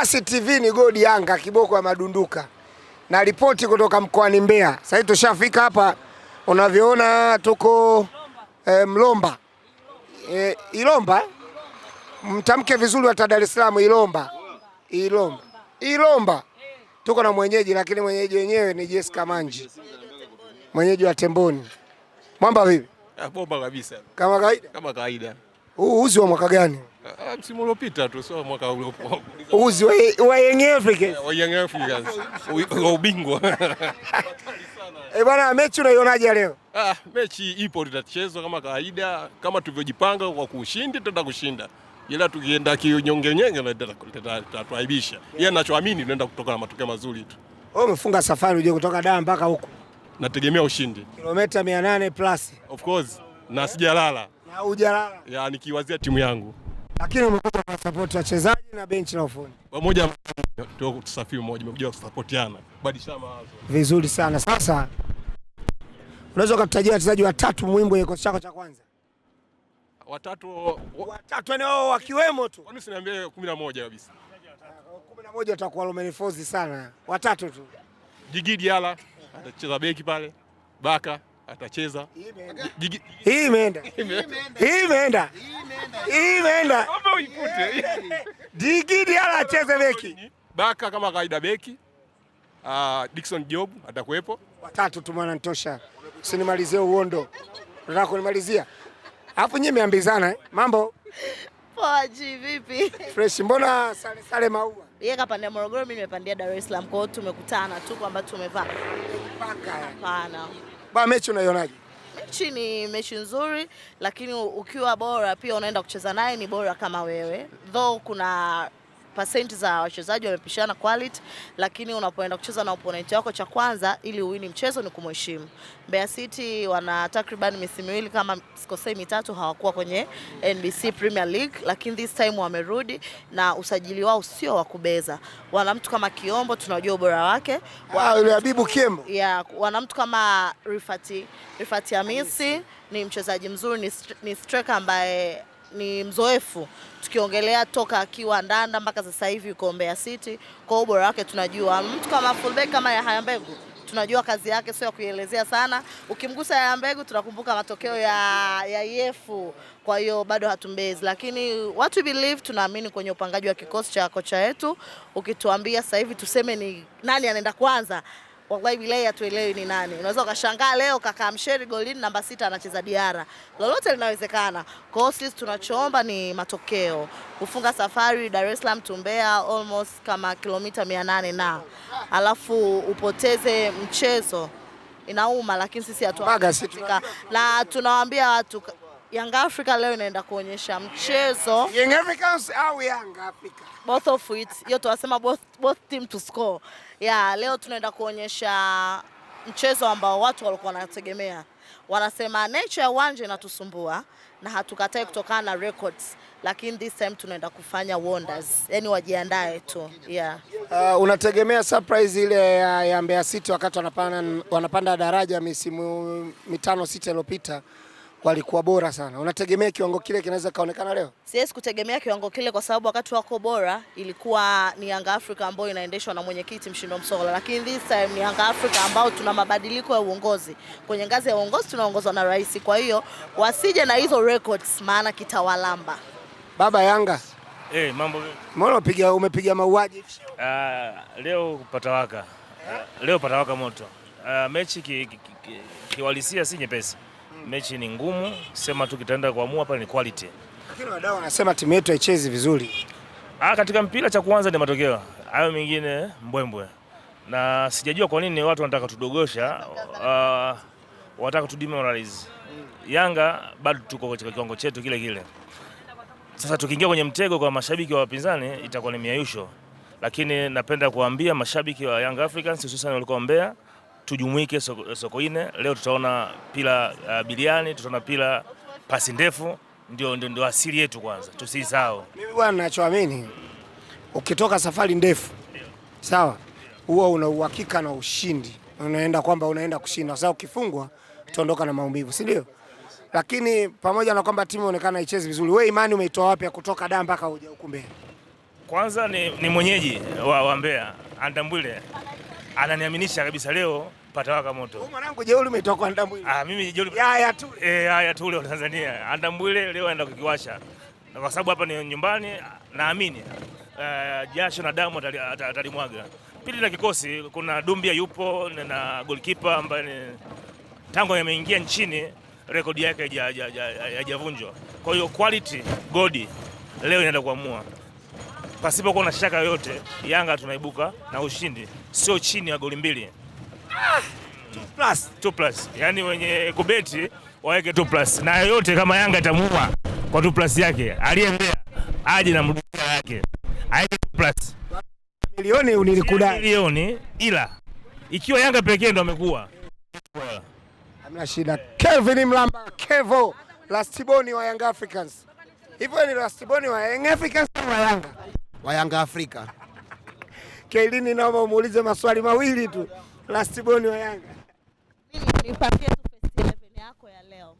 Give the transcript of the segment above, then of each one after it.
Pasi TV ni godi Yanga kiboko ya madunduka na ripoti kutoka mkoani Mbeya. Sasa tushafika hapa, unavyoona tuko eh, Mlomba eh, Ilomba, mtamke vizuri wa Dar es Salaam, Ilomba Ilomba Ilomba. Tuko na mwenyeji, lakini mwenyeji wenyewe ni Jessica Manji, mwenyeji wa Temboni. Mwamba vipi? Ah, bomba kabisa, kama kawaida, kama kawaida uzi wa mwaka gani? Eh, msimu uliopita tu, sio mwaka uliopita. Uzi wa Young Africans. Wa Young Africans. Eh, wa ubingwa. Eh, bwana mechi unaionaje leo? Ah, mechi ipo itachezwa kama kawaida, kama tulivyojipanga kwa kuushindi tutaenda kushinda. Ila tukienda kinyonge nyonge tutatuaibisha. Yeye anachoamini tunaenda kutoka na matokeo mazuri tu. Wewe umefunga safari uje kutoka Dar mpaka huku. Nategemea ushindi. Kilomita 800 plus. Of course. Na sijalala. Na hujalala. Ya nikiwazia timu yangu. Lakini umekuja kwa support wachezaji na benchi la ufundi. Pamoja tuko tusafiri moja, umekuja kusupotiana. Badilishana mawazo. Vizuri sana. Sasa unaweza kutajia wachezaji watatu muhimu kwenye kikosi chako cha kwanza? Watatu watatu ni wao wakiwemo tu. Kwani usiniambie 11 kabisa. 11 atakuwa Romain Folz sana. Watatu tu. Jigidi Yala atacheza beki pale. Baka atacheza. Hii imeenda, hii imeenda, hii imeenda. Digi Diala acheze beki, baka kama kawaida beki. Uh, Dickson Job atakuwepo. Watatu tu maana nitosha. usinimalizie uondo, Nataka kunimalizia alafu nyie meambizana eh? Mambo poa ji, vipi? Fresh. Mbona sale sale maua yeye kapandia Morogoro, mimi nimepandia Dar es Salaam, kwa hiyo tumekutana tu kwamba tumevaa. Hapana. Ba, mechi unaionaje? Mechi ni mechi nzuri, lakini ukiwa bora pia unaenda kucheza naye ni bora kama wewe, though kuna percent za wachezaji wamepishana quality, lakini unapoenda kucheza na opponent wako, cha kwanza ili uwini mchezo ni kumheshimu. Mbeya City wana takriban misimu miwili kama sikosei mitatu hawakuwa kwenye NBC Premier League, lakini this time wamerudi na usajili wao sio wa kubeza. Wana mtu kama Kiombo tunajua ubora wake, ah, yule Habibu Kiembo. Yeah, wana mtu kama Rifati Rifati Hamisi ni mchezaji mzuri, ni, ni striker ambaye ni mzoefu, tukiongelea toka akiwa Ndanda mpaka sasa hivi uko Mbeya City, kwa ubora wake tunajua. Mtu kama fullback kama Yahaya Mbegu tunajua kazi yake sio ya kuielezea sana. Ukimgusa Yahaya Mbegu tunakumbuka matokeo ya ya yefu. Kwa hiyo bado hatumbezi, lakini what we believe, tunaamini kwenye upangaji wa kikosi cha kocha yetu Ukituambia sasa hivi tuseme ni nani anaenda kwanza wallahi bilahi hatuelewi ni nani. Unaweza ukashangaa leo kaka Amsheri golini namba sita anacheza Diara, lolote linawezekana. Kwa hiyo sisi tunachoomba ni matokeo, kufunga safari Dar es Salaam tumbea almost kama kilomita mia nane na alafu upoteze mchezo inauma, lakini sisi hatuatika, na tunawaambia watu Young Africa leo inaenda kuonyesha mchezo. Young Africans au Young Africa? Both of it. Hiyo tunasema both, both team to score ya leo tunaenda kuonyesha mchezo ambao watu walikuwa wanategemea. Wanasema nature ya uwanja inatusumbua na hatukatai kutokana na records, lakini this time tunaenda kufanya wonders, yani wajiandae tu yeah. Uh, unategemea surprise ile ya, ya Mbeya City wakati wanapanda, wanapanda daraja misimu mitano sita iliyopita walikuwa bora sana. Unategemea kiwango kile kinaweza kaonekana leo? Siwezi kutegemea kiwango kile kwa sababu wakati wako bora ilikuwa ni Yanga Africa ambayo inaendeshwa na mwenyekiti Mshindo Msola, lakini this time ni Yanga Africa ambao tuna mabadiliko ya uongozi. Kwenye ngazi ya uongozi tunaongozwa na rais, kwa hiyo wasije na hizo records, maana kitawalamba. Baba Yanga, hey, eh, mambo mbona umepiga umepiga mauaji? Uh, leo waka. Uh, eh? leo waka moto. Uh, mechi kiwalisia ki, ki, ki, si nyepesi mechi ni ngumu, sema tu kitaenda kuamua hapa ni quality. Lakini wadau wanasema timu yetu haichezi vizuri. Ah, katika mpira cha kwanza ni matokeo hayo, mengine mbwembwe, na sijajua kwa nini watu wanataka tudogosha, uh, wanataka tudemoralize Yanga. Bado tuko katika kiwango chetu kile kile. Sasa tukiingia kwenye mtego kwa mashabiki wa wapinzani itakuwa ni miayusho, lakini napenda kuambia mashabiki wa Young Africans hususan walikuwa Mbeya tujumuike soko, soko ine leo tutaona pila uh, biliani tutaona pila pasi ndefu, ndio, ndio, ndio asili yetu kwanza, tusisahau. Mimi bwana, nachoamini ukitoka safari ndefu sawa, huwa una uhakika na ushindi, unaenda kwamba unaenda kushinda, sababu ukifungwa utaondoka na maumivu, si ndio? Lakini pamoja na kwamba timu inaonekana haichezi vizuri, wewe imani umeitoa wapi ya kutoka da mpaka uje huku Mbeya? Kwanza ni, ni mwenyeji wa, wa Mbeya Andambwile ananiaminisha kabisa leo patawaka moto. Wewe mwanangu jeuri umetoka Ndambwile. Ah, mimi jeuri. ya tule. Eh, ya tule leo Tanzania. Ndambwile leo anaenda kukiwasha. Na kwa sababu hapa ni nyumbani naamini. Uh, jasho na damu atalimwaga. Pili na kikosi kuna Dumbia yupo na goalkeeper ambaye ni tangu ameingia nchini rekodi yake haijavunjwa. Kwa hiyo quality godi leo inaenda kuamua pasipokuwa na shaka yoyote, Yanga tunaibuka na ushindi sio chini ya goli mbili. 2 plus, two plus. Yani wenye kubeti waweke 2 plus na yote kama Yanga itamuua kwa 2 plus yake, aliyembea aje na mdukia yake aje 2 plus milioni unilikuda. milioni, ila ikiwa Yanga pekee ndo amekuwa hamna shida. Kelvin Mlamba Kevo last born wa Young Africans, hivyo ni last born wa Young Africans wa Yanga wa Yanga Afrika. Kelini, naomba umuulize maswali mawili tu last wa Yanga. Mimi nilipakia tu first 11 yako ya leo.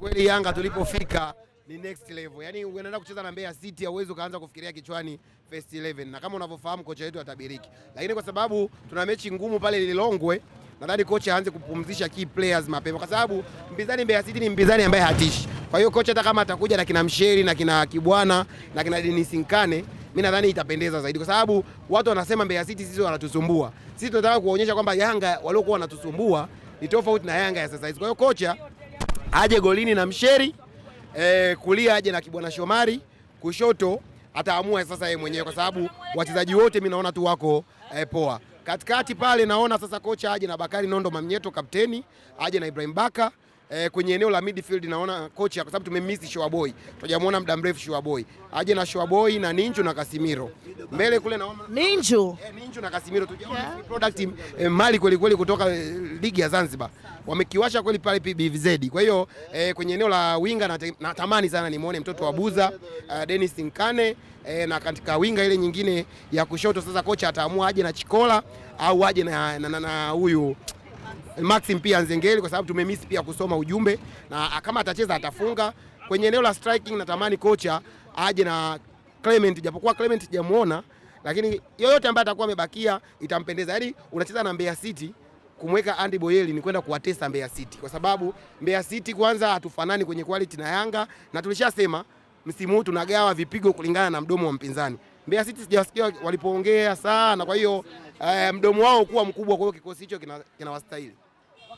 Kweli Yanga tulipofika ni next level. Yaani unaenda kucheza na Mbeya City hauwezi kaanza kufikiria kichwani first 11. Na kama unavyofahamu kocha wetu atabiriki. Lakini kwa sababu tuna mechi ngumu pale Lilongwe, nadhani kocha aanze kupumzisha key players mapema kwa sababu mpinzani Mbeya City ni mpinzani ambaye hatishi. Kwa hiyo kocha hata kama atakuja na kina Msheri na kina Kibwana na kina Dennis Nkane mimi nadhani itapendeza zaidi, kwa sababu watu wanasema Mbeya City sisi wanatusumbua. Sisi tunataka kuwaonyesha kwamba Yanga waliokuwa wanatusumbua ni tofauti na Yanga ya sasa hizi. Kwa hiyo kocha aje golini na msheri e, kulia aje na Kibwana Shomari, kushoto ataamua sasa yeye mwenyewe, kwa sababu wachezaji wote mimi naona tu wako e, poa. Katikati pale naona sasa kocha aje na Bakari Nondo Mamnyeto, kapteni aje na Ibrahim Baka eh, kwenye eneo la midfield naona kocha, kwa sababu tumemiss Shoaboy, tujamuona muda mrefu Shoaboy, aje na Shoaboy na Ninju na Kasimiro mbele kule, naona Ninju eh, Ninju na Kasimiro tujaona yeah. product eh, mali kweli kweli kutoka eh, ligi ya Zanzibar wamekiwasha kweli pale PBVZ. Kwa hiyo eh, kwenye eneo la winga natamani sana nimuone mtoto wa Buza uh, Dennis Nkane eh, na katika winga ile nyingine ya kushoto sasa kocha ataamua aje na Chikola au aje na huyu na, na, na, Maxim pia Nzengeli kwa sababu tumemiss pia kusoma ujumbe, na kama atacheza atafunga. Kwenye eneo la striking natamani kocha aje na Clement, japokuwa Clement sijamuona, lakini yoyote ambaye atakuwa amebakia itampendeza. Yaani unacheza na Mbeya City kumweka Andy Boyeli ni kwenda kuwatesa Mbeya City, kwa sababu Mbeya City kwanza hatufanani kwenye quality na Yanga, na tulishasema msimu huu tunagawa vipigo kulingana na mdomo wa mpinzani. Mbeya City sijawasikia walipoongea sana, kwa hiyo eh, mdomo wao kuwa mkubwa, kwa hiyo kikosi hicho kinawastahili kina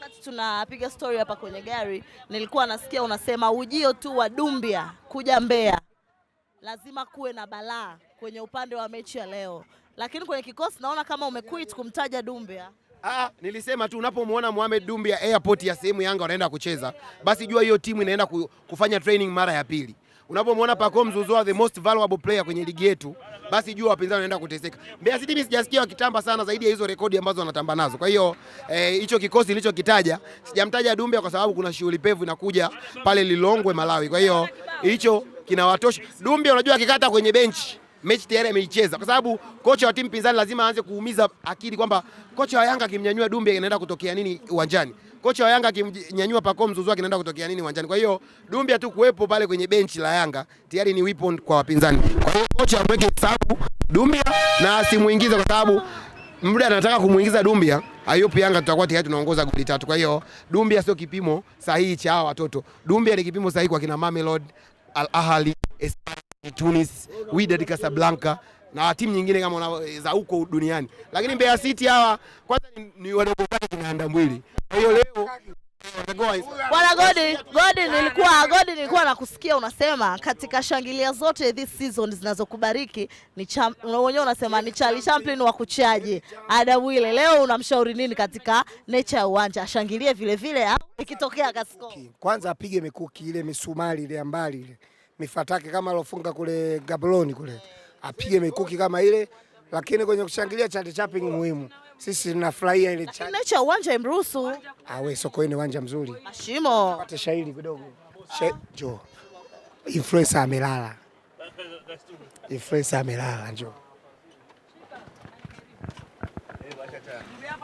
Wakati tunapiga stori hapa kwenye gari, nilikuwa nasikia unasema ujio tu wa Dumbia kuja Mbeya lazima kuwe na balaa kwenye upande wa mechi ya leo, lakini kwenye kikosi naona kama umequit kumtaja Dumbia. Ah, nilisema tu unapomwona Mohamed Dumbia airport ya sehemu Yanga wanaenda kucheza, basi jua hiyo timu inaenda kufanya training mara ya pili unapomwona Pacome Zouzoua the most valuable player kwenye ligi yetu, basi jua wapinzani wanaenda kuteseka. Mbeya City mimi sijasikia wakitamba sana zaidi ya hizo rekodi ambazo wanatamba nazo. Kwa hiyo eh, hicho eh, kikosi nilichokitaja sijamtaja Dumbe kwa sababu kuna shughuli pevu inakuja pale Lilongwe Malawi. Kwa hiyo hicho kinawatosha. Dumbe unajua akikata kwenye benchi mechi tayari ameicheza, kwa sababu kocha wa timu pinzani lazima aanze kuumiza akili kwamba kocha wa Yanga akimnyanyua Dumbe inaenda kutokea nini uwanjani kocha wa Yanga akimnyanyua mzuzu wake, kinaenda kutokea nini uwanjani? Kwa hiyo Dumbia tu kuwepo pale kwenye benchi la Yanga tayari ni weapon kwa wapinzani. Kwa hiyo kocha amweke hesabu Dumbia na asimuingize, kwa sababu muda anataka kumuingiza Dumbia Ayupu Yanga tutakuwa tayari tunaongoza goli tatu. Kwa hiyo Dumbia sio kipimo sahihi cha hawa watoto. Dumbia ni kipimo sahihi kwa kina Mamelodi, Al Ahli, Tunis, Wydad Casablanca na timu nyingine kama za huko duniani, lakini Mbeya City hawa kwanza ni, ni wadogo zake kinaanda mwili. Kwa hiyo leo Bwana Godi, Godi nilikuwa Godi nilikuwa nakusikia unasema katika shangilia zote this season zinazokubariki ni wenyewe unasema ni Charlie Champlin wa kuchaji. Adamu leo unamshauri nini katika nature ya uwanja ashangilie vile vile au ikitokea kasko? Kwanza apige mikuki ile misumari ile mbali ile mifatake kama alofunga kule Gabloni kule apige mikuki kama ile, lakini kwenye kushangilia chate chapi ni muhimu. Sisi tunafurahia ile chate. Mechi ya uwanja imruhusu. Ah, wewe soko ni uwanja mzuri. Mashimo. Pate shahidi kidogo. Jo. Influencer amelala. Influencer amelala njoo.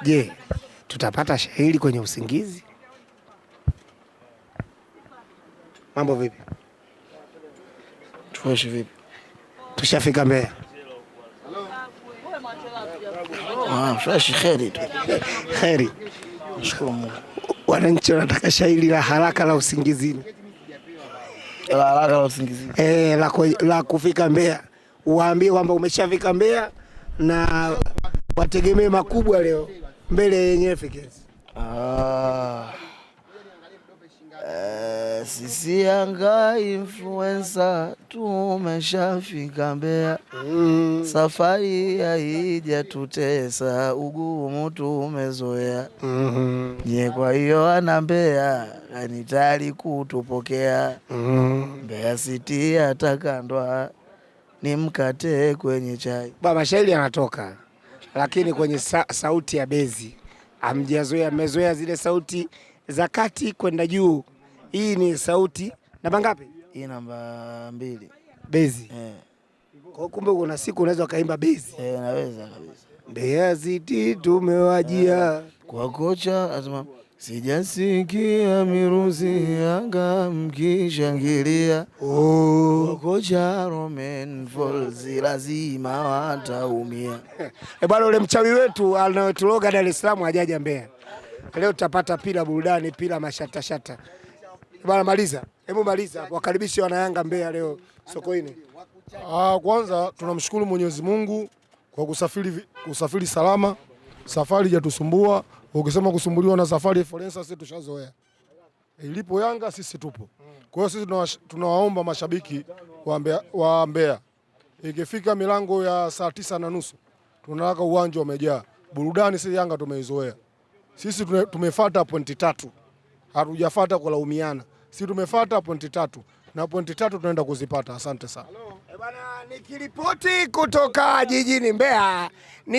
Je, tutapata shahidi kwenye usingizi? Mambo vipi? Tuoshe vipi? tushafika Mbeya. Heri. Nashukuru Mungu. Wananchi wanataka shairi la haraka la usingizini la haraka la usingizini, eh, la, la kufika Mbeya, waambie kwamba umeshafika Mbeya na wategemee makubwa leo mbele yenyewe fikezi. Ah. Eh na sisi Yanga influencer tumeshafika Mbeya mm. Safari haijatutesa ugumu tumezoea mm -hmm. Nye kwa hiyo ana Mbeya kanitari kutupokea mm. Mbeya atakandwa ni mkate kwenye chai. Mashairi yanatoka lakini kwenye sa sauti ya bezi amjazoea, amezoea zile sauti za kati kwenda juu hii ni sauti namba ngapi? Hii namba mbili. Bezi. Eh. Yeah. kumbe kuna siku unaweza ukaimba bezi. Eh, naweza kabisa. Mbeya City tumewajia. Eh, kwa kocha azma sijasikia miruzi Yanga mkishangilia. Oh. Kocha Roman Falls lazima wataumia. Eh, bwana ule mchawi wetu anayotuloga Dar es Salaam hajaja Mbeya. Leo tutapata pila burudani, pila mashata shata. Bana maliza. Hebu maliza. Wakaribishe wana Yanga Mbeya leo Sokoine. Ah, kwanza tunamshukuru Mwenyezi Mungu kwa kusafiri kusafiri salama. Safari hajatusumbua. Ukisema kusumbuliwa na safari Forensa sisi tushazoea. Ilipo Yanga sisi tupo. Kwa hiyo sisi tunawaomba mashabiki wa Mbeya, wa Mbeya. Ikifika milango ya saa tisa na nusu tunataka uwanja umejaa. Burudani sisi Yanga tumeizoea. Sisi tumefuata pointi tatu. Hatujafata kulaumiana si tumefata pointi tatu na pointi tatu tunaenda kuzipata. Asante sana. Eh, Bwana nikiripoti kutoka jijini Mbeya ni